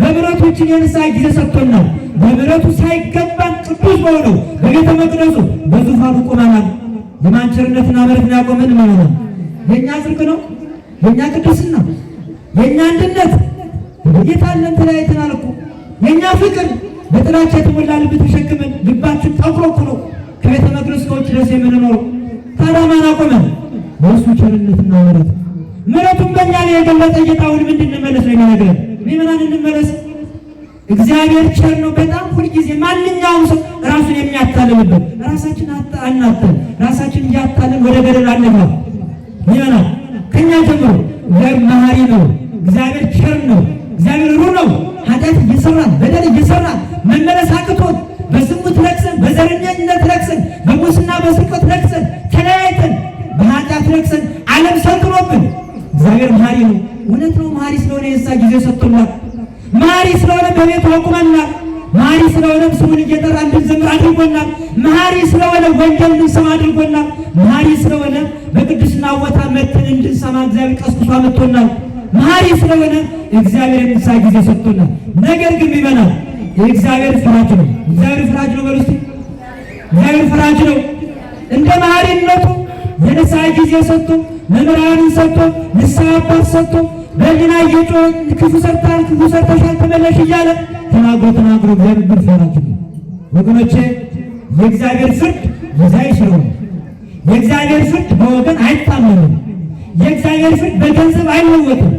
በምሕረቶችን የንስሐ ጊዜ ሰጥቶናል። በምሕረቱ ሳይገባን ቅዱስ በሆነው በቤተ መቅደሱ በዙፋኑ ቆመናል። የማን ቸርነትና ምሕረት ያቆመን? ማለት ነው የእኛ ጽድቅ ነው የእኛ ቅድስና የእኛ አንድነት እየታለን ተለያይተናል እኮ የእኛ ፍቅር በጥላቻ የተሞላ ልብ ተሸክመን ልባችን ጠቁሮ ነው ከቤተ መቅደስ ከውጭ ደስ የምንኖረው። ታዲያ ማን አቆመን? በእሱ ቸርነትና ምሕረት ምሕረቱን በእኛ ላይ የገለጠ ጌታውን ምንድን መለስ ነው የሚነግረን ምዕመናን እንመለስ። እግዚአብሔር ቸር ነው በጣም ሁልጊዜ ማንኛውም ሰው ራሱን የሚያታልልበት ራሳችን አናተን ራሳችን እያታልን ወደ ገደል አንገባ። ምዕመናን ከኛ ጀምሮ እግዚአብሔር መሐሪ ነው። እግዚአብሔር ቸር ነው። እግዚአብሔር ሩህ ነው። ኃጢአት እየሰራን በደል እየሰራን መመለስ አቅቶት በዝሙት ረክሰን፣ በዘረኛነት ረክሰን፣ በሙስና በስርቆት ረክሰን፣ ተለያይተን በኃጢአት ረክሰን ዓለም ሰልጥኖብን እግዚአብሔር መሐሪ ነው። እውነት ነው። መሀሪ ስለሆነ የዛ ጊዜ ሰጥቶናል። መሀሪ ስለሆነ በቤቱ አቁመናል። መሀሪ ስለሆነ ስሙን እየጠራ እንድንዘምር አድርጎናል። መሀሪ ስለሆነ ወንጌል እንድንሰማ አድርጎናል። መሀሪ ስለሆነ በቅድስና ቦታ መተን እንድንሰማ እግዚአብሔር ቀስቅሷ መጥቶናል። መሀሪ ስለሆነ እግዚአብሔር የምሳ ጊዜ ሰጥቶናል። ነገር ግን ይበናል የእግዚአብሔር ፍራጅ ነው። እግዚአብሔር ፍራጅ ነው በሉ እስኪ። እግዚአብሔር ፍራጅ ነው እንደ ማሪነቱ የንስሐ ጊዜ ሰጥቶ መምህራንን ሰጥቶ ንስሐ አባት ሰጥቶ በሊና እየጮህ ክፉ ሰርታል፣ ክፉ ሰርተሻል፣ ተመለሽ እያለ ተናግሮ ተናግሮ እግዚአብሔር ፈራጅ ነው። ወገኖቼ የእግዚአብሔር ፍርድ ይዛ ይሽረዋል። የእግዚአብሔር ፍርድ በወገን አይታመንም። የእግዚአብሔር ፍርድ በገንዘብ አይለወጥም።